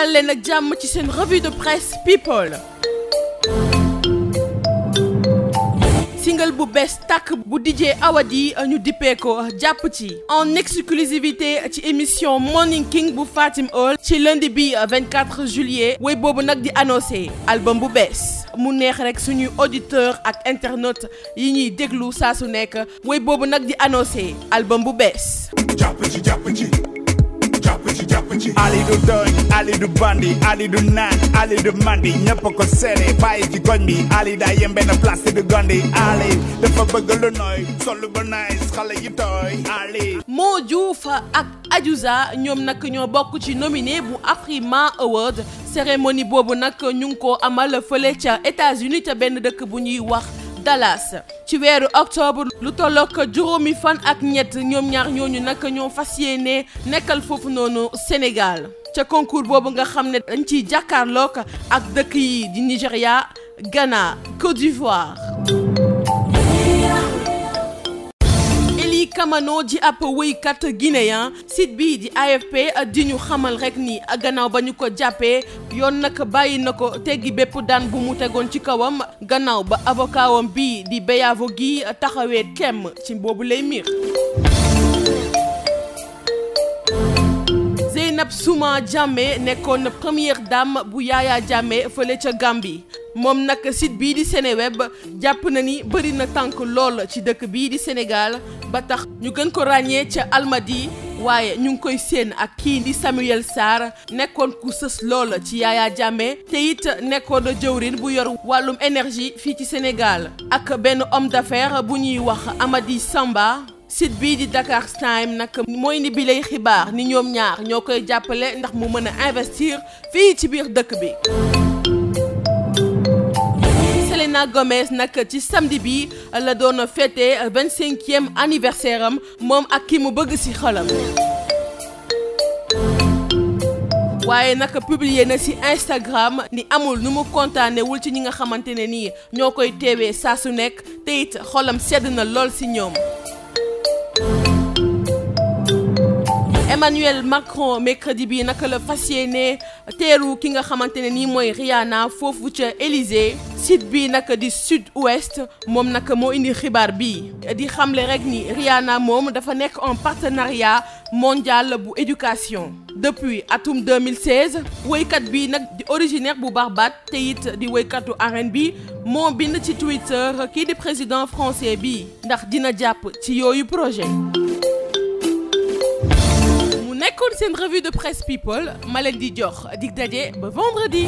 dal leen ak ci sen revue de presse people single bu bees tak bu DJ Awadi euh, ñu dippee ko euh, ci en exclusivité ci émission Morning King bu Fatim Hall ci lundi bi 24 euh, juillet Way bobu nak di annoncé album bu bees mu neex rek suñu auditeur ak internaute yi ñi déglu sa su nekk way bobu nak di annoncé album bu ali du tooñ ali du bandi ali du Nan, ali du mandi ko ci ali da yem place te du ali bëgg lu noy, ba nice ali Mo Diouf ak Ajuza, ñom nak ñoo bokku ci nominé bu Afrima Award cérémonie pour nak ñu ko amal feulé les États-Unis pour benn bu ñuy Dallas ci wéru octobre lu tolloog juróomi fan ak ñet ñom ñaar ñooñu nak ñoo fas nekkal fofu Sénégal Tu concours bobu nga xam dañ ci jàkkaarloog ak dëkk yi di nigeria Ghana Côte d'Ivoire Kamano ji ab wéykat guinéen site bii di AFP di ñu xamal rekk ni gannaaw ba ñu ko jàppee yoon nak bàyyi na ko teggi bépp daan bu mu tegoon ci kawam gannaaw ba abokaawam bi di Beyavo gi taxawee kem ci boobu lay miir. Zeynab suma Jammeh nekkoon première dame bu yaaya Jammeh fële ca Gambie. moom nag site bii di Seneweb jàpp na ni bëri na tànk lool ci dëkk bii di Sénégal ba tax ñu gën ko ràññee ca Almadi waaye ñu ngi koy séen ak kii di Samuel Sarr nekkoon ku sës lool ci yaaya Jammeh te nekkoon jëwrin bu yor wàllum energie fii ci Sénégal ak benn homme d'affaires bu ñuy wax Amady Samba site bii di Dakar Time nag mooy ni bi xibaar ni ñoom ñaar ñoo koy jàppale ndax mu mën a investir fii ci biir dëkk bi Selena Gomez nag ci samedi bi la doon fêté vingt-cinquième anniversaire moom ak ki mu bëgg ci xolam. waaye nag publier na ci Instagram ni amul nu mu kontaanewul ci ñi nga xamante ne nii ñoo koy teewee saa su nekk te it xolam sedd na lool ci ñoom. Emmanuel Macron mercredi bi naka la fas yéene teeru ki nga ne mooy Rihanna foofu ca Élysée site bi naka di sud ouest moom naka moo indi xibaar bi di xamle rek ni Rihanna moom dafa nekk en partenariat mondial bu éducation depuis atum 2016 woykat bi nag di originaire bu Barbade te it di woykatu RnB bi moo bind ci Twitter kii di président français bi ndax dina jàpp ci yooyu projet c'est une revue de presse people Malène Dior, bah, vendredi.